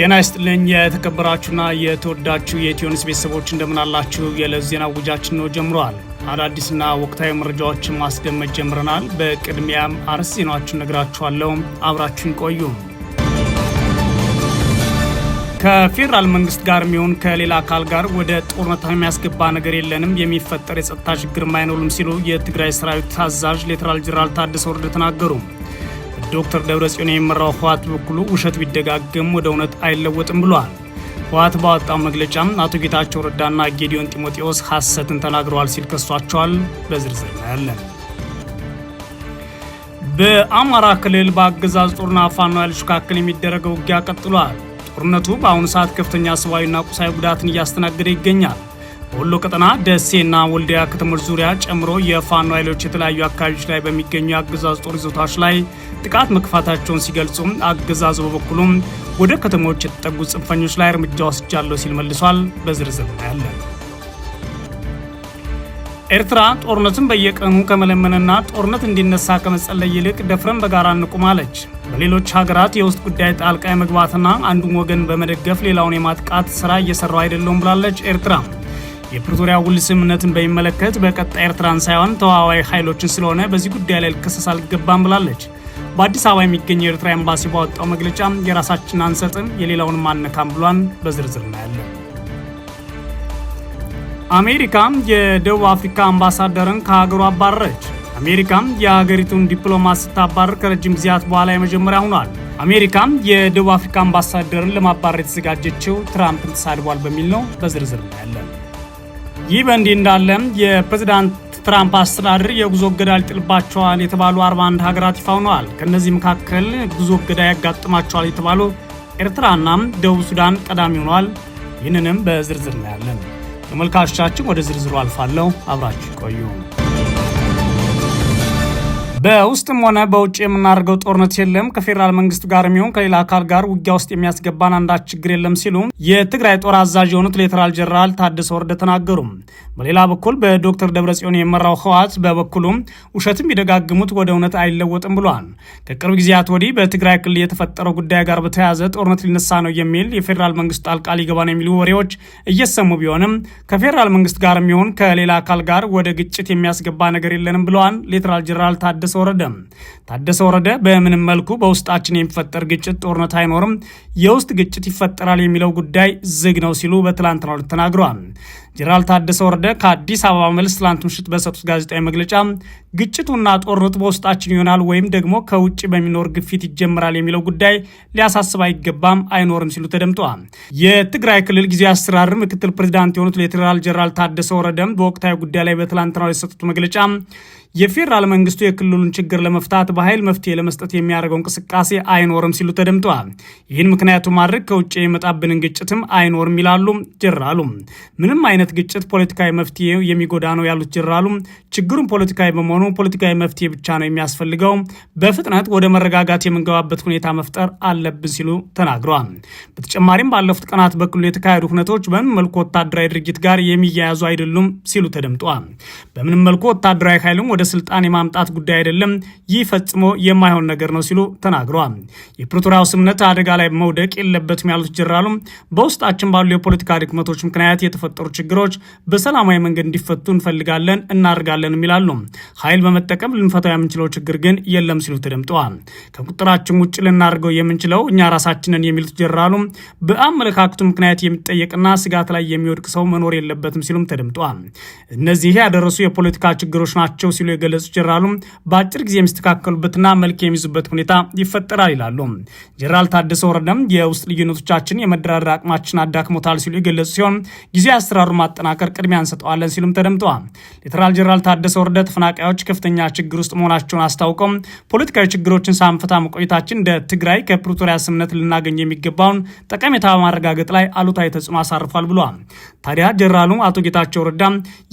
ጤና ይስጥልኝ የተከበራችሁና የተወዳችሁ የኢትዮኒስ ቤተሰቦች እንደምናላችሁ። የዕለት ዜና ውጃችን ነው ጀምረዋል። አዳዲስና ወቅታዊ መረጃዎችን ማስደመጥ ጀምረናል። በቅድሚያም አርስ ዜናችሁን ነግራችኋለሁ። አብራችሁን ቆዩ። ከፌዴራል መንግስት ጋር የሚሆን ከሌላ አካል ጋር ወደ ጦርነት የሚያስገባ ነገር የለንም፣ የሚፈጠር የጸጥታ ችግር አይኖርም ሲሉ የትግራይ ሰራዊት አዛዥ ሌተናል ጄኔራል ታደሰ ወረደ ተናገሩ። ዶክተር ደብረጽዮን የሚመራው ህወሓት በኩሉ ውሸት ቢደጋገም ወደ እውነት አይለወጥም ብሏል። ህወሓት ባወጣው መግለጫም አቶ ጌታቸው ረዳና ጌዲዮን ጢሞቴዎስ ሐሰትን ተናግረዋል ሲል ከሷቸዋል። በዝርዝር እናያለን። በአማራ ክልል በአገዛዝ ጦርና ፋኖ ኃይሎች መካከል የሚደረገው ውጊያ ቀጥሏል። ጦርነቱ በአሁኑ ሰዓት ከፍተኛ ሰብአዊና ቁሳዊ ጉዳትን እያስተናገደ ይገኛል። በወሎ ቀጠና ደሴና ወልዲያ ከተሞች ዙሪያ ጨምሮ የፋኖ ኃይሎች የተለያዩ አካባቢዎች ላይ በሚገኙ የአገዛዙ ጦር ይዞታዎች ላይ ጥቃት መክፋታቸውን ሲገልጹ፣ አገዛዙ በበኩሉም ወደ ከተሞች የተጠጉ ጽንፈኞች ላይ እርምጃ ወስጃለሁ ሲል መልሷል። በዝርዝር እናያለን። ኤርትራ ጦርነትን በየቀኑ ከመለመንና ጦርነት እንዲነሳ ከመጸለይ ይልቅ ደፍረን በጋራ እንቁም አለች። በሌሎች ሀገራት የውስጥ ጉዳይ ጣልቃ የመግባትና አንዱን ወገን በመደገፍ ሌላውን የማጥቃት ስራ እየሰራው አይደለውም ብላለች ኤርትራ። የፕሪቶሪያ ውል ስምምነትን በሚመለከት በቀጣይ ኤርትራን ሳይሆን ተዋዋይ ኃይሎችን ስለሆነ በዚህ ጉዳይ ላይ ልከሰስ አልገባም ብላለች። በአዲስ አበባ የሚገኝ የኤርትራ ኤምባሲ ባወጣው መግለጫ የራሳችን አንሰጥም፣ የሌላውን ማነካም ብሏን በዝርዝር እናያለን። አሜሪካ የደቡብ አፍሪካ አምባሳደርን ከሀገሩ አባረረች። አሜሪካ የሀገሪቱን ዲፕሎማት ስታባረር ከረጅም ጊዜያት በኋላ የመጀመሪያ ሆኗል። አሜሪካ የደቡብ አፍሪካ አምባሳደርን ለማባረር የተዘጋጀችው ትራምፕን ተሳድቧል በሚል ነው። በዝርዝር እናያለን። ይህ በእንዲህ እንዳለ የፕሬዚዳንት ትራምፕ አስተዳደር የጉዞ እገዳ ሊጥልባቸዋል የተባሉ 41 ሀገራት ይፋ ሆነዋል። ከእነዚህ መካከል ጉዞ እገዳ ያጋጥማቸዋል የተባሉ ኤርትራና ደቡብ ሱዳን ቀዳሚ ሆኗል። ይህንንም በዝርዝር እናያለን። ተመልካቾቻችን ወደ ዝርዝሩ አልፋለሁ። አብራችሁ ቆዩ። በውስጥም ሆነ በውጭ የምናደርገው ጦርነት የለም። ከፌዴራል መንግስት ጋር የሚሆን ከሌላ አካል ጋር ውጊያ ውስጥ የሚያስገባን አንዳች ችግር የለም ሲሉ የትግራይ ጦር አዛዥ የሆኑት ሌተናል ጀነራል ታደሰ ወረደ ተናገሩ። በሌላ በኩል በዶክተር ደብረጽዮን የመራው ህወሓት በበኩሉም ውሸትም ቢደጋግሙት ወደ እውነት አይለወጥም ብሏል። ከቅርብ ጊዜያት ወዲህ በትግራይ ክልል የተፈጠረው ጉዳይ ጋር በተያያዘ ጦርነት ሊነሳ ነው የሚል የፌዴራል መንግስት ጣልቃ ሊገባ ነው የሚሉ ወሬዎች እየሰሙ ቢሆንም ከፌዴራል መንግስት ጋር የሚሆን ከሌላ አካል ጋር ወደ ግጭት የሚያስገባ ነገር የለንም ብለዋል ሌተናል ጀነራል ታደሰ ወረደ ታደሰ ወረደ በምንም መልኩ በውስጣችን የሚፈጠር ግጭት ጦርነት አይኖርም፣ የውስጥ ግጭት ይፈጠራል የሚለው ጉዳይ ዝግ ነው ሲሉ በትላንትናው ዕለት ተናግረዋል። ጀነራል ታደሰ ወረደ ከአዲስ አበባ መልስ ትላንት ምሽት በሰጡት ጋዜጣዊ መግለጫ ግጭቱና ጦርነቱ በውስጣችን ይሆናል ወይም ደግሞ ከውጭ በሚኖር ግፊት ይጀምራል የሚለው ጉዳይ ሊያሳስብ አይገባም፣ አይኖርም ሲሉ ተደምጠዋል። የትግራይ ክልል ጊዜያዊ አስተዳደር ምክትል ፕሬዚዳንት የሆኑት ሌተናል ጀራል ታደሰ ወረደም በወቅታዊ ጉዳይ ላይ በትላንትናው የሰጡት መግለጫ የፌዴራል መንግስቱ የክልሉን ችግር ለመፍታት በኃይል መፍትሄ ለመስጠት የሚያደርገው እንቅስቃሴ አይኖርም ሲሉ ተደምጠዋል። ይህን ምክንያቱ ማድረግ ከውጭ የመጣብንን ግጭትም አይኖርም ይላሉ ጀራሉ። ምንም አይነት ግጭት ፖለቲካዊ መፍትሄ የሚጎዳ ነው ያሉት ጀራሉ ችግሩን ፖለቲካዊ በመሆኑ ፖለቲካዊ መፍትሄ ብቻ ነው የሚያስፈልገው፣ በፍጥነት ወደ መረጋጋት የምንገባበት ሁኔታ መፍጠር አለብን ሲሉ ተናግረዋል። በተጨማሪም ባለፉት ቀናት በክልሉ የተካሄዱ ሁነቶች በምን መልኩ ወታደራዊ ድርጊት ጋር የሚያያዙ አይደሉም ሲሉ ተደምጠዋል። በምንም መልኩ ወታደራዊ ኃይልም ወደ ስልጣን የማምጣት ጉዳይ አይደለም፣ ይህ ፈጽሞ የማይሆን ነገር ነው ሲሉ ተናግረዋል። የፕሪቶሪያው ስምምነት አደጋ ላይ መውደቅ የለበትም ያሉት ጀነራሉ በውስጣችን ባሉ የፖለቲካ ድክመቶች ምክንያት የተፈጠሩ ችግሮች በሰላማዊ መንገድ እንዲፈቱ እንፈልጋለን እናደርጋለንም ይላሉ። ኃይል በመጠቀም ልንፈታው የምንችለው ችግር ግን የለም ሲሉ ተደምጠዋል። ከቁጥራችን ውጭ ልናደርገው የምንችለው እኛ ራሳችንን የሚሉት ጀነራሉ በአመለካከቱ ምክንያት የሚጠየቅና ስጋት ላይ የሚወድቅ ሰው መኖር የለበትም ሲሉም ተደምጠዋል። እነዚህ ያደረሱ የፖለቲካ ችግሮች ናቸው ሲሉ ሲሉ የገለጹ ጀራሉ በአጭር ጊዜ የሚስተካከሉበትና መልክ የሚይዙበት ሁኔታ ይፈጠራል ይላሉ። ጀራል ታደሰ ወረደም የውስጥ ልዩነቶቻችን የመደራደር አቅማችን አዳክሞታል ሲሉ የገለጹ ሲሆን ጊዜ አሰራሩን ማጠናከር ቅድሚያ እንሰጠዋለን ሲሉም ተደምጠዋል። ሌተናል ጀራል ታደሰ ወረደ ተፈናቃዮች ከፍተኛ ችግር ውስጥ መሆናቸውን አስታውቀው ፖለቲካዊ ችግሮችን ሳንፈታ መቆየታችን እንደ ትግራይ ከፕሪቶሪያ ስምምነት ልናገኝ የሚገባውን ጠቀሜታ በማረጋገጥ ላይ አሉታዊ ተጽዕኖ አሳርፏል ብሏል። ታዲያ ጀራሉ አቶ ጌታቸው ረዳ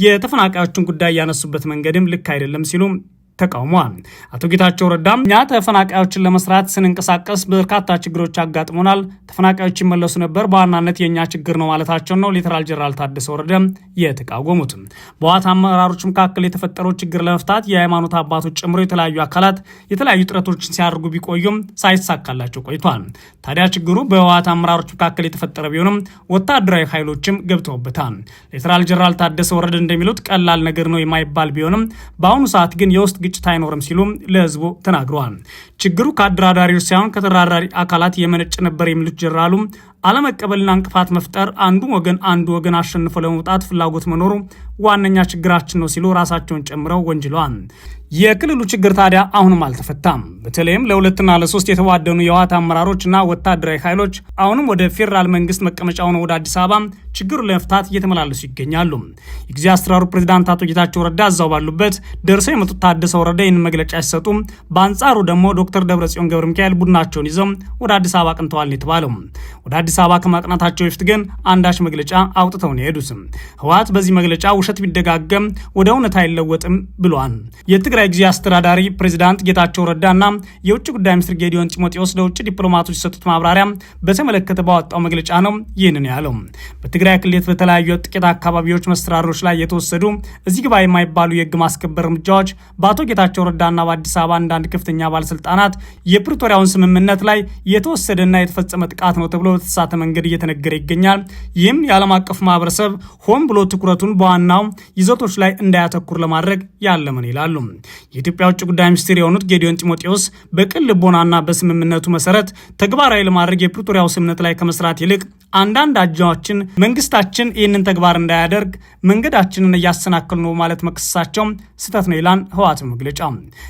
የተፈናቃዮችን ጉዳይ ያነሱበት መንገድም ልክ አይደለም አይደለም ሲሉም ተቃውሟል። አቶ ጌታቸው ረዳም እኛ ተፈናቃዮችን ለመስራት ስንንቀሳቀስ በርካታ ችግሮች አጋጥሞናል፣ ተፈናቃዮች ይመለሱ ነበር፣ በዋናነት የእኛ ችግር ነው ማለታቸው ነው ሌተናል ጀነራል ታደሰ ወረደ የተቃወሙት። በዋት አመራሮች መካከል የተፈጠረው ችግር ለመፍታት የሃይማኖት አባቶች ጨምሮ የተለያዩ አካላት የተለያዩ ጥረቶችን ሲያደርጉ ቢቆዩም ሳይሳካላቸው ቆይቷል። ታዲያ ችግሩ በህወሓት አመራሮች መካከል የተፈጠረ ቢሆንም ወታደራዊ ኃይሎችም ገብተውበታል። ሌተናል ጀነራል ታደሰ ወረደ እንደሚሉት ቀላል ነገር ነው የማይባል ቢሆንም በአሁኑ ሰዓት ግን የውስጥ ግጭት አይኖርም ሲሉም ለህዝቡ ተናግረዋል። ችግሩ ከአደራዳሪዎች ሳይሆን ከተደራዳሪ አካላት የመነጭ ነበር የሚሉት ጀነራሉ አለመቀበልና እንቅፋት መፍጠር አንዱ ወገን አንዱ ወገን አሸንፎ ለመውጣት ፍላጎት መኖሩ ዋነኛ ችግራችን ነው ሲሉ ራሳቸውን ጨምረው ወንጅለዋል። የክልሉ ችግር ታዲያ አሁንም አልተፈታም። በተለይም ለሁለትና ለሶስት የተዋደኑ የህወሓት አመራሮችና ወታደራዊ ኃይሎች አሁንም ወደ ፌዴራል መንግስት መቀመጫውን ወደ አዲስ አበባ ችግሩን ለመፍታት እየተመላለሱ ይገኛሉ። የጊዜ አስተራሩ ፕሬዚዳንት አቶ ጌታቸው ረዳ እዛው ባሉበት ደርሰው የመጡት ታደሰ ወረደ ይህን መግለጫ ሲሰጡም፣ በአንጻሩ ደግሞ ዶክተር ደብረጽዮን ገብረ ሚካኤል ቡድናቸውን ይዘው ወደ አዲስ አበባ አቅንተዋል ነው የተባለው። ወደ አዲስ አበባ ከማቅናታቸው በፊት ግን አንዳች መግለጫ አውጥተው ነው የሄዱት። ህወሓት በዚህ መግለጫ ውሸት ቢደጋገም ወደ እውነት አይለወጥም ብሏል። የትግራይ ጊዜ አስተዳዳሪ ፕሬዚዳንት ጌታቸው ረዳና የውጭ ጉዳይ ሚኒስትር ጌዲዮን ጢሞቴዎስ ለውጭ ዲፕሎማቶች የሰጡት ማብራሪያ በተመለከተ ባወጣው መግለጫ ነው ይህንን ያለው። በትግራይ ክልል በተለያዩ ጥቂት አካባቢዎች መስተዳድሮች ላይ የተወሰዱ እዚህ ግባ የማይባሉ የህግ ማስከበር እርምጃዎች በአቶ ጌታቸው ረዳና በአዲስ አበባ አንዳንድ ከፍተኛ ባለስልጣናት የፕሪቶሪያውን ስምምነት ላይ የተወሰደና የተፈጸመ ጥቃት ነው ተብሎ በተሳተ መንገድ እየተነገረ ይገኛል። ይህም የዓለም አቀፍ ማህበረሰብ ሆን ብሎ ትኩረቱን በዋናው ይዘቶች ላይ እንዳያተኩር ለማድረግ ያለምን ይላሉ። የኢትዮጵያ ውጭ ጉዳይ ሚኒስትር የሆኑት ጌዲዮን ጢሞቴዎስ በቅን ልቦናና በስምምነቱ መሰረት ተግባራዊ ለማድረግ የፕሪቶሪያው ስምምነት ላይ ከመስራት ይልቅ አንዳንድ አጃዎችን መንግስታችን ይህንን ተግባር እንዳያደርግ መንገዳችንን እያሰናክሉ ነው ማለት መከሰሳቸው ስህተት ነው ይላል ህወሓት መግለጫ።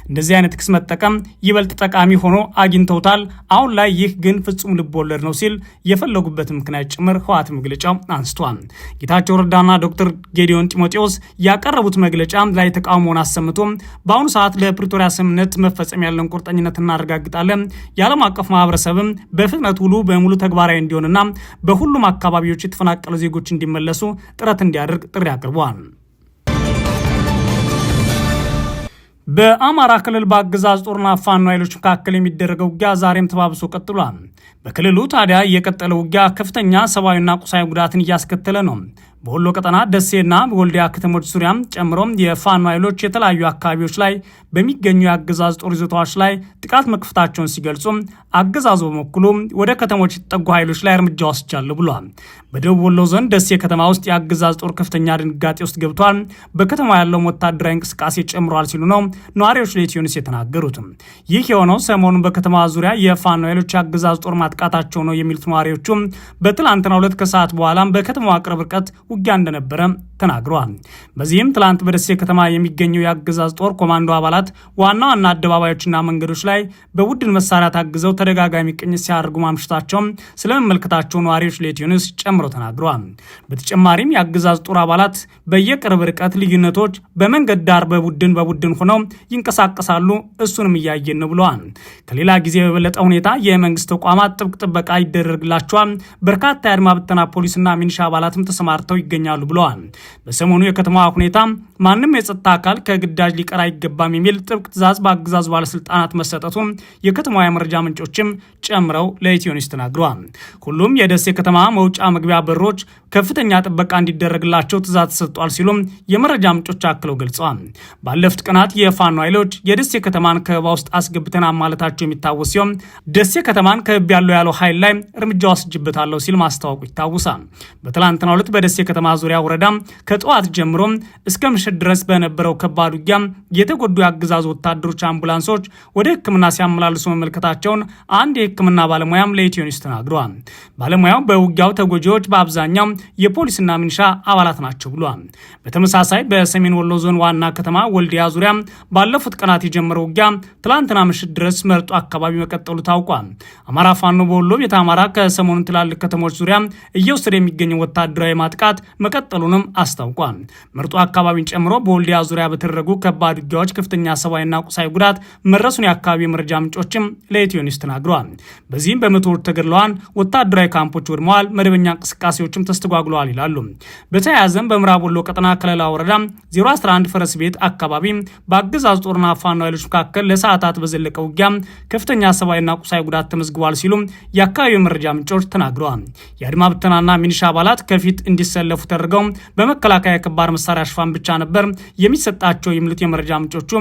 እንደዚህ አይነት ክስ መጠቀም ይበልጥ ጠቃሚ ሆኖ አግኝተውታል። አሁን ላይ ይህ ግን ፍጹም ልብወለድ ነው ሲል የፈለጉበት ምክንያት ጭምር ህወሓት መግለጫ አንስቷል። ጌታቸው ረዳና ዶክተር ጌዲዮን ጢሞቴዎስ ያቀረቡት መግለጫ ላይ ተቃውሞውን አሰምቶ በአሁኑ ሰዓት ለፕሪቶሪያ ስምምነት መፈጸም ያለን ቁርጠኝነት እናረጋግጣለን፣ የዓለም አቀፍ ማህበረሰብም በፍጥነት ውሉ በሙሉ ተግባራዊ እንዲሆንና በሁሉም አካባቢዎች የተፈናቀሉ የተፈናቀሉ ዜጎች እንዲመለሱ ጥረት እንዲያደርግ ጥሪ አቅርቧል። በአማራ ክልል በአገዛዝ ጦርና ፋኖ ኃይሎች መካከል የሚደረገው ውጊያ ዛሬም ተባብሶ ቀጥሏል። በክልሉ ታዲያ የቀጠለ ውጊያ ከፍተኛ ሰብአዊና ቁሳዊ ጉዳትን እያስከተለ ነው። በወሎ ቀጠና ደሴና ወልዲያ ከተሞች ዙሪያም ጨምሮም የፋኖ ኃይሎች የተለያዩ አካባቢዎች ላይ በሚገኙ የአገዛዝ ጦር ይዞታዎች ላይ ጥቃት መክፈታቸውን ሲገልጹ አገዛዙ በበኩሉ ወደ ከተሞች የተጠጉ ኃይሎች ላይ እርምጃ ወስጃለሁ ብሏል። በደቡብ ወሎ ዞን ደሴ ከተማ ውስጥ የአገዛዝ ጦር ከፍተኛ ድንጋጤ ውስጥ ገብቷል፣ በከተማ ያለውም ወታደራዊ እንቅስቃሴ ጨምሯል ሲሉ ነው ነዋሪዎች ለኢትዮኒስ የተናገሩት። ይህ የሆነው ሰሞኑን በከተማ ዙሪያ የፋኖ ኃይሎች የአገዛዝ ጦር ማጥቃታቸው ነው የሚሉት ነዋሪዎቹ በትላንትና ሁለት ከሰዓት በኋላም በከተማዋ ቅርብ ርቀት ውጊያ እንደነበረ ተናግረዋል። በዚህም ትላንት በደሴ ከተማ የሚገኘው የአገዛዝ ጦር ኮማንዶ አባላት ዋና ዋና አደባባዮችና መንገዶች ላይ በቡድን መሳሪያ ታግዘው ተደጋጋሚ ቅኝት ሲያደርጉ ማምሽታቸውም ስለመመልከታቸው ነዋሪዎች ለኢትዮኒውስ ጨምሮ ተናግረዋል። በተጨማሪም የአገዛዝ ጦር አባላት በየቅርብ ርቀት ልዩነቶች በመንገድ ዳር በቡድን በቡድን ሆነው ይንቀሳቀሳሉ። እሱንም እያየን ነው ብለዋል። ከሌላ ጊዜ በበለጠ ሁኔታ የመንግስት ተቋማት ጥብቅ ጥበቃ ይደረግላቸዋል። በርካታ የአድማ ብተና ፖሊስና ሚኒሻ አባላትም ተሰማርተው ይገኛሉ ብለዋል። በሰሞኑ የከተማ ሁኔታ ማንም የጸጥታ አካል ከግዳጅ ሊቀር አይገባም የሚል ጥብቅ ትዕዛዝ በአገዛዙ ባለስልጣናት መሰጠቱም የከተማዋ የመረጃ ምንጮችም ጨምረው ለኢትዮኒስ ተናግረዋል። ሁሉም የደሴ ከተማ መውጫ መግቢያ በሮች ከፍተኛ ጥበቃ እንዲደረግላቸው ትዕዛዝ ተሰጥቷል ሲሉም የመረጃ ምንጮች አክለው ገልጸዋል። ባለፉት ቀናት የፋኖ ኃይሎች የደሴ ከተማን ከበባ ውስጥ አስገብተናል ማለታቸው የሚታወስ ሲሆን ደሴ ከተማን ከበብ ያለው ያለው ኃይል ላይ እርምጃ ወስጅበታለሁ ሲል ማስታወቁ ይታወሳል። በትላንትናው ዕለት በደሴ ከተማ ዙሪያ ወረዳ ከጠዋት ጀምሮ እስከ ምሽት ድረስ በነበረው ከባድ ውጊያ የተጎዱ የአገዛዙ ወታደሮች አምቡላንሶች ወደ ሕክምና ሲያመላልሱ መመልከታቸውን አንድ የሕክምና ባለሙያም ለኢትዮ ኒውስ ተናግረዋል። ባለሙያው በውጊያው ተጎጂዎች በአብዛኛው የፖሊስና ሚኒሻ አባላት ናቸው ብሏል። በተመሳሳይ በሰሜን ወሎ ዞን ዋና ከተማ ወልዲያ ዙሪያ ባለፉት ቀናት የጀመረው ውጊያ ትላንትና ምሽት ድረስ መርጦ አካባቢ መቀጠሉ ታውቋል። አማራ ፋኖ በወሎ ቤተ አማራ ከሰሞኑ ትላልቅ ከተሞች ዙሪያ እየወሰደ የሚገኘው ወታደራዊ ማጥቃት መቀጠሉንም አስታውቋል። ምርጡ አካባቢን ጨምሮ በወልዲያ ዙሪያ በተደረጉ ከባድ ውጊያዎች ከፍተኛ ሰብአዊና ቁሳዊ ጉዳት መድረሱን የአካባቢ መረጃ ምንጮችም ለኢትዮ ኒውስ ተናግረዋል። በዚህም በመቶዎች ተገድለዋል፣ ወታደራዊ ካምፖች ወድመዋል፣ መደበኛ እንቅስቃሴዎችም ተስተጓጉለዋል ይላሉ። በተያያዘም በምዕራብ ወሎ ቀጠና ከለላ ወረዳ 011 ፈረስ ቤት አካባቢ በአገዛዝ ጦርና ፋኖ ኃይሎች መካከል ለሰዓታት በዘለቀ ውጊያ ከፍተኛ ሰብአዊና ቁሳዊ ጉዳት ተመዝግቧል ሲሉ የአካባቢ መረጃ ምንጮች ተናግረዋል። የአድማ ብተናና ሚኒሻ አባላት ከፊት እንዲሰለ እንዲያሸንፉ ተደርገው በመከላከያ ከባድ መሳሪያ ሽፋን ብቻ ነበር የሚሰጣቸው የሚሉት የመረጃ ምንጮቹ፣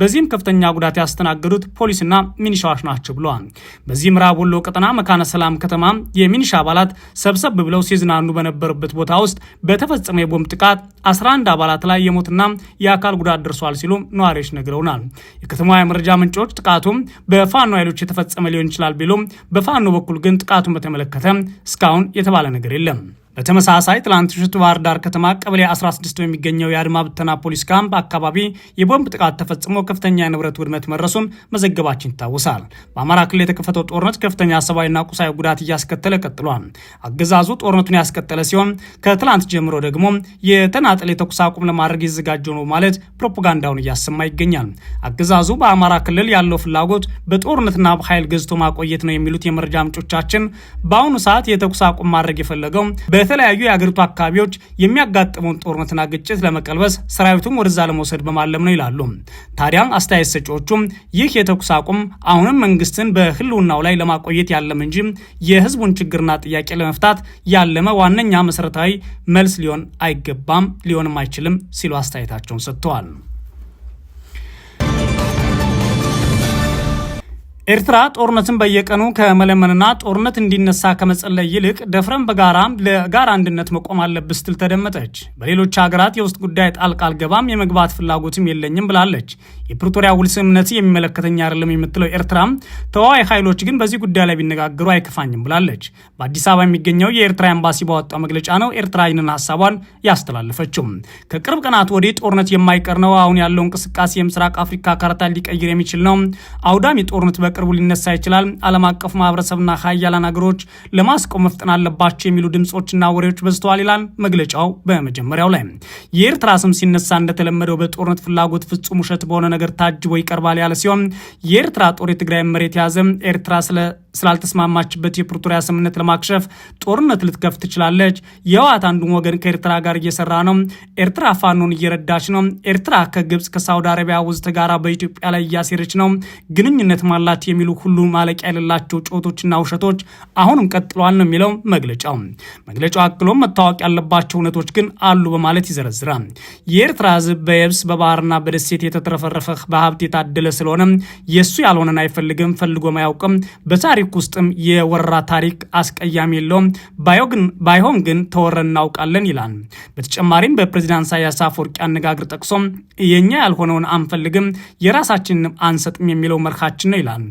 በዚህም ከፍተኛ ጉዳት ያስተናገዱት ፖሊስና ሚኒሻዎች ናቸው ብለዋል። በዚህ ምዕራብ ወሎ ቀጠና መካነ ሰላም ከተማ የሚኒሻ አባላት ሰብሰብ ብለው ሲዝናኑ በነበሩበት ቦታ ውስጥ በተፈጸመ የቦምብ ጥቃት 11 አባላት ላይ የሞትና የአካል ጉዳት ደርሷል ሲሉ ነዋሪዎች ነግረውናል። የከተማዋ የመረጃ ምንጮች ጥቃቱም በፋኖ ኃይሎች የተፈጸመ ሊሆን ይችላል ቢሉም በፋኖ በኩል ግን ጥቃቱን በተመለከተ እስካሁን የተባለ ነገር የለም። በተመሳሳይ ትላንት ምሽት ባህር ዳር ከተማ ቀበሌ 16 በሚገኘው የአድማ ብተና ፖሊስ ካምፕ አካባቢ የቦምብ ጥቃት ተፈጽሞ ከፍተኛ የንብረት ውድመት መድረሱን መዘገባችን ይታወሳል። በአማራ ክልል የተከፈተው ጦርነት ከፍተኛ ሰብአዊና ቁሳዊ ጉዳት እያስከተለ ቀጥሏል። አገዛዙ ጦርነቱን ያስቀጠለ ሲሆን ከትላንት ጀምሮ ደግሞ የተናጠል የተኩስ አቁም ለማድረግ የተዘጋጀው ነው ማለት ፕሮፓጋንዳውን እያሰማ ይገኛል። አገዛዙ በአማራ ክልል ያለው ፍላጎት በጦርነትና በኃይል ገዝቶ ማቆየት ነው የሚሉት የመረጃ ምንጮቻችን በአሁኑ ሰዓት የተኩስ አቁም ማድረግ የፈለገው በተለያዩ የአገሪቱ አካባቢዎች የሚያጋጥመውን ጦርነትና ግጭት ለመቀልበስ ሰራዊቱም ወደዛ ለመውሰድ በማለም ነው ይላሉ። ታዲያም አስተያየት ሰጪዎቹም ይህ የተኩስ አቁም አሁንም መንግስትን በህልውናው ላይ ለማቆየት ያለም እንጂ የህዝቡን ችግርና ጥያቄ ለመፍታት ያለመ ዋነኛ መሰረታዊ መልስ ሊሆን አይገባም፣ ሊሆንም አይችልም ሲሉ አስተያየታቸውን ሰጥተዋል። ኤርትራ ጦርነትን በየቀኑ ከመለመንና ጦርነት እንዲነሳ ከመጸለይ ይልቅ ደፍረን በጋራም ለጋራ አንድነት መቆም አለብ ስትል ተደመጠች። በሌሎች ሀገራት የውስጥ ጉዳይ ጣልቃ አልገባም፣ የመግባት ፍላጎትም የለኝም ብላለች። የፕሪቶሪያ ውል ስምምነት የሚመለከተኝ አይደለም የምትለው ኤርትራም ተዋዋይ ኃይሎች ግን በዚህ ጉዳይ ላይ ቢነጋገሩ አይከፋኝም ብላለች። በአዲስ አበባ የሚገኘው የኤርትራ ኤምባሲ ባወጣው መግለጫ ነው ኤርትራ ይህንን ሀሳቧን ያስተላልፈችውም ከቅርብ ቀናት ወዲህ ጦርነት የማይቀር ነው። አሁን ያለው እንቅስቃሴ የምስራቅ አፍሪካ ካርታ ሊቀይር የሚችል ነው። አውዳሚ ጦርነት በቅ በቅርቡ ሊነሳ ይችላል። ዓለም አቀፉ ማህበረሰብና ሀያላን አገሮች ለማስቆም መፍጠን አለባቸው የሚሉ ድምፆችና ወሬዎች በዝተዋል ይላል መግለጫው። በመጀመሪያው ላይ የኤርትራ ስም ሲነሳ እንደተለመደው በጦርነት ፍላጎት ፍጹም ውሸት በሆነ ነገር ታጅቦ ይቀርባል ያለ ሲሆን የኤርትራ ጦር የትግራይ መሬት የያዘ ኤርትራ ስለ ስላልተስማማችበት የፕሪቶሪያ ስምምነት ለማክሸፍ ጦርነት ልትከፍ ትችላለች። የህወሓት አንዱን ወገን ከኤርትራ ጋር እየሰራ ነው። ኤርትራ ፋኖን እየረዳች ነው። ኤርትራ ከግብፅ ከሳውዲ አረቢያ ውዝት ጋር በኢትዮጵያ ላይ እያሴረች ነው። ግንኙነት ማላት የሚሉ ሁሉ ማለቂያ የሌላቸው ጩኸቶችና ውሸቶች አሁንም ቀጥለዋል ነው የሚለው መግለጫው። መግለጫው አክሎም መታወቅ ያለባቸው እውነቶች ግን አሉ በማለት ይዘረዝራል። የኤርትራ ህዝብ በየብስ በባህርና በደሴት የተትረፈረፈ በሀብት የታደለ ስለሆነ የእሱ ያልሆነን አይፈልግም፣ ፈልጎም አያውቅም በ ታሪክ ውስጥም የወራ ታሪክ አስቀያሚ የለውም። ባይሆን ግን ተወረ እናውቃለን ይላል። በተጨማሪም በፕሬዚዳንት ኢሳያስ አፈወርቂ አነጋገር ጠቅሶም የእኛ ያልሆነውን አንፈልግም፣ የራሳችንን አንሰጥም የሚለው መርሃችን ነው ይላል።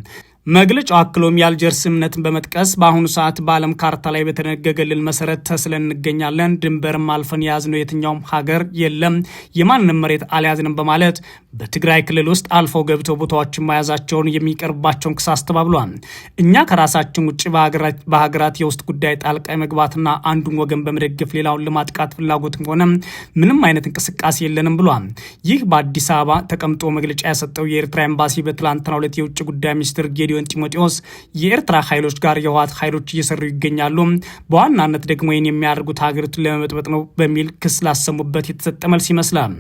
መግለጫው አክሎም የአልጀርስ እምነትን በመጥቀስ በአሁኑ ሰዓት በዓለም ካርታ ላይ በተደነገገልን መሰረት ተስለን እንገኛለን። ድንበርም አልፈን የያዝነው የትኛውም ሀገር የለም፣ የማንም መሬት አልያዝንም በማለት በትግራይ ክልል ውስጥ አልፈው ገብተው ቦታዎችን መያዛቸውን የሚቀርባቸውን ክስ አስተባብሏል። እኛ ከራሳችን ውጭ በሀገራት የውስጥ ጉዳይ ጣልቃ መግባትና አንዱን ወገን በመደገፍ ሌላውን ለማጥቃት ፍላጎትም ሆነ ምንም አይነት እንቅስቃሴ የለንም ብሏል። ይህ በአዲስ አበባ ተቀምጦ መግለጫ ያሰጠው የኤርትራ ኤምባሲ በትላንትና ሁለት የውጭ ጉዳይ ሚኒስትር ጌዲዮ ሊዮን ጢሞቴዎስ የኤርትራ ኃይሎች ጋር የህወሓት ኃይሎች እየሰሩ ይገኛሉ፣ በዋናነት ደግሞ ይህን የሚያደርጉት ሀገሪቱን ለመበጥበጥ ነው በሚል ክስ ላሰሙበት የተሰጠ መልስ ይመስላል።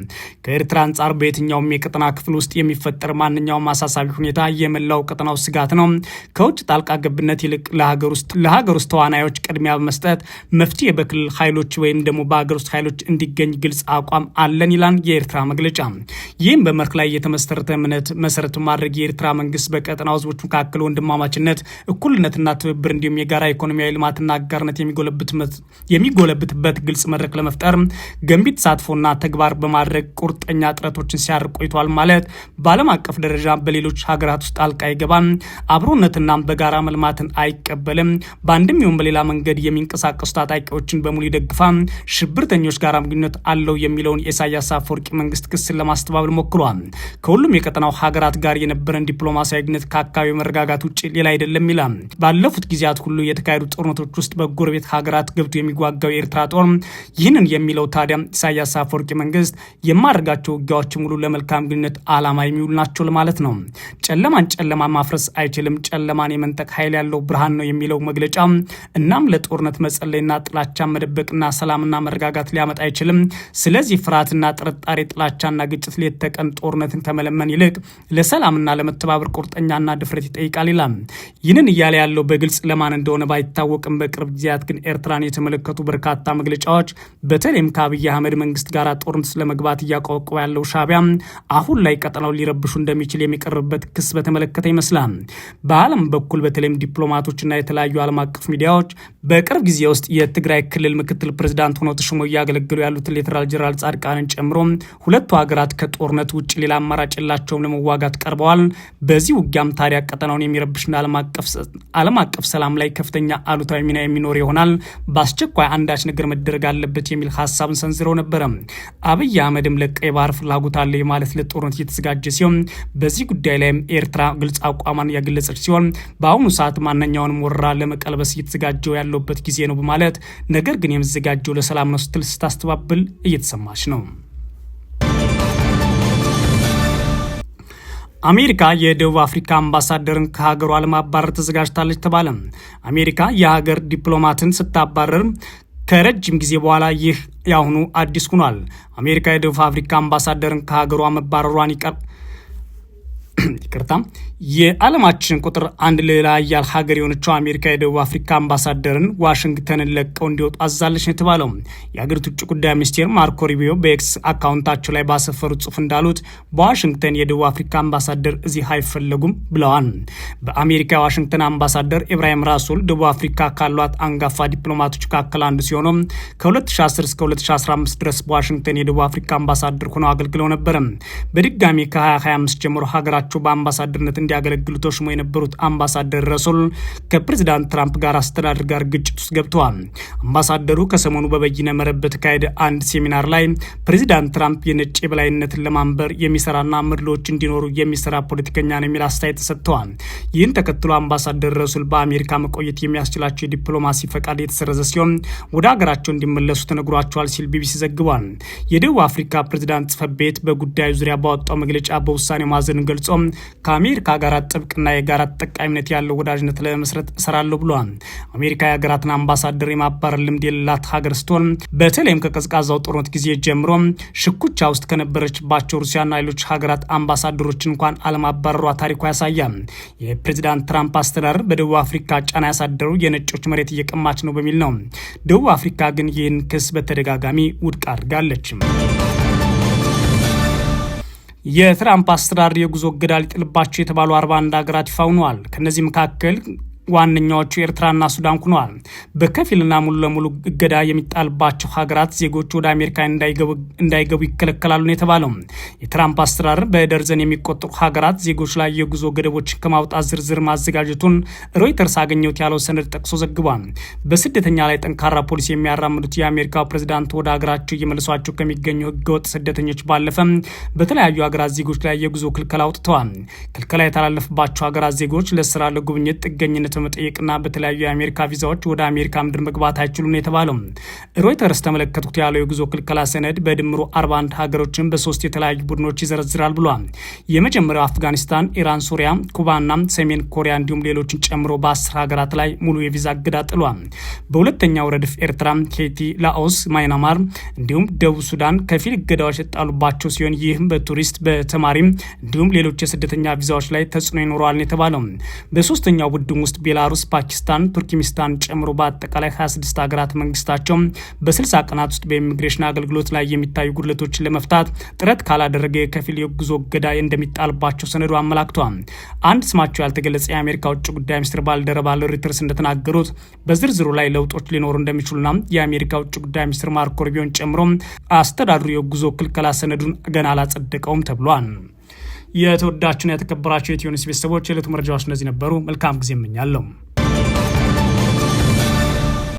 ከኤርትራ አንጻር በየትኛውም የቀጠና ክፍል ውስጥ የሚፈጠር ማንኛውም አሳሳቢ ሁኔታ የመላው ቀጠናው ስጋት ነው። ከውጭ ጣልቃ ገብነት ይልቅ ለሀገር ውስጥ ተዋናዮች ቅድሚያ በመስጠት መፍትሄ በክልል ኃይሎች ወይም ደግሞ በሀገር ውስጥ ኃይሎች እንዲገኝ ግልጽ አቋም አለን ይላል የኤርትራ መግለጫ። ይህም በመርክ ላይ የተመሰረተ እምነት መሰረት ማድረግ የኤርትራ መንግስት በቀጠናው ህዝቦች መካከል ወንድማማችነት፣ እኩልነትና ትብብር እንዲሁም የጋራ ኢኮኖሚያዊ ልማትና አጋርነት የሚጎለብትበት ግልጽ መድረክ ለመፍጠር ገንቢ ተሳትፎና ተግባር በማድረግ ቁርጠኛ ጥረቶችን ሲያደርግ ቆይቷል ማለት በዓለም አቀፍ ደረጃ በሌሎች ሀገራት ውስጥ ጣልቃ አይገባም፣ አብሮነትና በጋራ መልማትን አይቀበልም፣ በአንድም ይሁን በሌላ መንገድ የሚንቀሳቀሱ ታጣቂዎችን በሙሉ ይደግፋል፣ ሽብርተኞች ጋር ግንኙነት አለው የሚለውን የኢሳያስ አፈወርቂ መንግስት ክስን ለማስተባበል ሞክሯል። ከሁሉም የቀጠናው ሀገራት ጋር የነበረን ዲፕሎማሲያዊ ግንኙነት ከአካባቢው ከማረጋጋት ውጭ ሌላ አይደለም ይላል። ባለፉት ጊዜያት ሁሉ የተካሄዱ ጦርነቶች ውስጥ በጎረቤት ሀገራት ገብቶ የሚዋጋው የኤርትራ ጦር ይህንን የሚለው ታዲያ ኢሳያስ አፈወርቂ መንግስት የማደርጋቸው ውጊያዎች ሙሉ ለመልካም ግንኙነት አላማ የሚውል ናቸው ለማለት ነው። ጨለማን ጨለማ ማፍረስ አይችልም፣ ጨለማን የመንጠቅ ኃይል ያለው ብርሃን ነው የሚለው መግለጫ እናም ለጦርነት መጸለይና ጥላቻ መደበቅና ሰላምና መረጋጋት ሊያመጣ አይችልም። ስለዚህ ፍርሃትና ጥርጣሬ፣ ጥላቻና ግጭት ሌት ተቀን ጦርነትን ከመለመን ይልቅ ለሰላምና ለመተባበር ቁርጠኛና ድፍረት ይጠይቃል ይላል። ይህንን እያለ ያለው በግልጽ ለማን እንደሆነ ባይታወቅም በቅርብ ጊዜያት ግን ኤርትራን የተመለከቱ በርካታ መግለጫዎች በተለይም ከአብይ አህመድ መንግስት ጋር ጦርነት ለመግባት እያቋቋመ ያለው ሻቢያ አሁን ላይ ቀጠናው ሊረብሹ እንደሚችል የሚቀርብበት ክስ በተመለከተ ይመስላል። በዓለም በኩል በተለይም ዲፕሎማቶችና የተለያዩ ዓለም አቀፍ ሚዲያዎች በቅርብ ጊዜ ውስጥ የትግራይ ክልል ምክትል ፕሬዚዳንት ሆነው ተሾመው እያገለገሉ ያሉትን ሌተናል ጀነራል ጻድቃንን ጨምሮ ሁለቱ ሀገራት ከጦርነት ውጭ ሌላ አማራጭ የላቸውም ለመዋጋት ቀርበዋል። በዚህ ውጊያም ታዲያ ቀጠና ቀጠናውን የሚረብሽና ዓለም አቀፍ ሰላም ላይ ከፍተኛ አሉታዊ ሚና የሚኖር ይሆናል። በአስቸኳይ አንዳች ነገር መደረግ አለበት የሚል ሀሳብን ሰንዝረው ነበረ። አብይ አህመድም ለቀይ ባህር ፍላጎት አለ የማለት ለጦርነት እየተዘጋጀ ሲሆን በዚህ ጉዳይ ላይም ኤርትራ ግልጽ አቋሟን እያገለጸች ሲሆን በአሁኑ ሰዓት ማንኛውንም ወረራ ለመቀልበስ እየተዘጋጀው ያለበት ጊዜ ነው በማለት ነገር ግን የምዘጋጀው ለሰላም ነው ስትል ስታስተባብል እየተሰማች ነው። አሜሪካ የደቡብ አፍሪካ አምባሳደርን ከሀገሯ ለማባረር ተዘጋጅታለች ተባለ። አሜሪካ የሀገር ዲፕሎማትን ስታባረር ከረጅም ጊዜ በኋላ ይህ ያሁኑ አዲስ ሆኗል። አሜሪካ የደቡብ አፍሪካ አምባሳደርን ከሀገሯ መባረሯን ይቅርታ የዓለማችን ቁጥር አንድ ሌላ ኃያል ሀገር የሆነችው አሜሪካ የደቡብ አፍሪካ አምባሳደርን ዋሽንግተንን ለቀው እንዲወጡ አዛለች ነው የተባለው። የሀገሪቱ ውጭ ጉዳይ ሚኒስቴር ማርኮ ሩቢዮ በኤክስ አካውንታቸው ላይ ባሰፈሩት ጽሑፍ እንዳሉት በዋሽንግተን የደቡብ አፍሪካ አምባሳደር እዚህ አይፈለጉም ብለዋል። በአሜሪካ የዋሽንግተን አምባሳደር ኢብራሂም ራሱል ደቡብ አፍሪካ ካሏት አንጋፋ ዲፕሎማቶች መካከል አንዱ ሲሆኑ ከ2010 እስከ 2015 ድረስ በዋሽንግተን የደቡብ አፍሪካ አምባሳደር ሆነው አገልግለው ነበር። በድጋሚ ከ2025 ጀምሮ ሀገራቸው በአምባሳደርነት እንዲያገለግሉ ተሹሞ የነበሩት አምባሳደር ረሱል ከፕሬዚዳንት ትራምፕ ጋር አስተዳደር ጋር ግጭት ውስጥ ገብተዋል። አምባሳደሩ ከሰሞኑ በበይነ መረብ በተካሄደ አንድ ሴሚናር ላይ ፕሬዚዳንት ትራምፕ የነጭ የበላይነትን ለማንበር የሚሰራና ምድሎች እንዲኖሩ የሚሰራ ፖለቲከኛ ነው የሚል አስተያየት ሰጥተዋል። ይህን ተከትሎ አምባሳደር ረሱል በአሜሪካ መቆየት የሚያስችላቸው የዲፕሎማሲ ፈቃድ የተሰረዘ ሲሆን ወደ ሀገራቸው እንዲመለሱ ተነግሯቸዋል ሲል ቢቢሲ ዘግቧል። የደቡብ አፍሪካ ፕሬዚዳንት ጽፈት ቤት በጉዳዩ ዙሪያ ባወጣው መግለጫ በውሳኔው ማዘኑን ገልጾ ከአሜሪካ ሀገራት ጥብቅና የጋራ ተጠቃሚነት ያለው ወዳጅነት ለመስረት እሰራለሁ ብሏል። አሜሪካ የሀገራትን አምባሳደር የማባረር ልምድ የሌላት ሀገር ስትሆን በተለይም ከቀዝቃዛው ጦርነት ጊዜ ጀምሮ ሽኩቻ ውስጥ ከነበረችባቸው ሩሲያና ሌሎች ሀገራት አምባሳደሮች እንኳን አለማባረሯ ታሪኳ ያሳያል። የፕሬዚዳንት ትራምፕ አስተዳደር በደቡብ አፍሪካ ጫና ያሳደሩ የነጮች መሬት እየቀማች ነው በሚል ነው። ደቡብ አፍሪካ ግን ይህን ክስ በተደጋጋሚ ውድቅ አድርጋለች። የትራምፕ አስተዳደር የጉዞ እገዳ ሊጥልባቸው የተባሉ 41 ሀገራት ይፋ ሆነዋል። ከእነዚህ መካከል ዋነኛዎቹ ኤርትራና ሱዳን ኩነዋል። በከፊልና ሙሉ ለሙሉ እገዳ የሚጣልባቸው ሀገራት ዜጎች ወደ አሜሪካ እንዳይገቡ ይከለከላሉ ነው የተባለው። የትራምፕ አሰራር በደርዘን የሚቆጠሩ ሀገራት ዜጎች ላይ የጉዞ ገደቦችን ከማውጣት ዝርዝር ማዘጋጀቱን ሮይተርስ አገኘሁት ያለው ሰነድ ጠቅሶ ዘግቧል። በስደተኛ ላይ ጠንካራ ፖሊሲ የሚያራምዱት የአሜሪካ ፕሬዚዳንት ወደ ሀገራቸው እየመለሷቸው ከሚገኙ ህገወጥ ስደተኞች ባለፈ በተለያዩ ሀገራት ዜጎች ላይ የጉዞ ክልከላ አውጥተዋል። ክልከላ የተላለፈባቸው ሀገራት ዜጎች ለስራ፣ ለጉብኝት፣ ጥገኝነት መጠየቅና በተለያዩ የአሜሪካ ቪዛዎች ወደ አሜሪካ ምድር መግባት አይችሉም የተባለው ሮይተርስ ተመለከቱት ያለው የጉዞ ክልከላ ሰነድ በድምሩ 41 ሀገሮችን በሶስት የተለያዩ ቡድኖች ይዘረዝራል ብሏል። የመጀመሪያው አፍጋኒስታን፣ ኢራን፣ ሱሪያ፣ ኩባና ሰሜን ኮሪያ እንዲሁም ሌሎችን ጨምሮ በአስር ሀገራት ላይ ሙሉ የቪዛ እገዳ ጥሏል። በሁለተኛው ረድፍ ኤርትራ፣ ሄይቲ፣ ላኦስ፣ ማይናማር እንዲሁም ደቡብ ሱዳን ከፊል እገዳዎች የጣሉባቸው ሲሆን ይህም በቱሪስት በተማሪም እንዲሁም ሌሎች የስደተኛ ቪዛዎች ላይ ተጽዕኖ ይኖረዋል የተባለው በሶስተኛው ቡድን ውስጥ ቤላሩስ፣ ፓኪስታን፣ ቱርክሚስታን ጨምሮ በአጠቃላይ 26 ሀገራት መንግስታቸው በ60 ቀናት ውስጥ በኢሚግሬሽን አገልግሎት ላይ የሚታዩ ጉድለቶችን ለመፍታት ጥረት ካላደረገ የከፊል የጉዞ እገዳ እንደሚጣልባቸው ሰነዱ አመላክቷል። አንድ ስማቸው ያልተገለጸ የአሜሪካ ውጭ ጉዳይ ሚኒስትር ባልደረባ ሮይተርስ እንደተናገሩት በዝርዝሩ ላይ ለውጦች ሊኖሩ እንደሚችሉና የአሜሪካ ውጭ ጉዳይ ሚኒስትር ማርኮ ሩቢዮን ጨምሮ አስተዳድሩ የጉዞ ክልከላ ሰነዱን ገና አላጸደቀውም ተብሏል። የተወዳችሁና የተከበራችሁ የኢትዮ ኒውስ ቤተሰቦች የዕለቱ መረጃዎች እነዚህ ነበሩ። መልካም ጊዜ እመኛለሁ።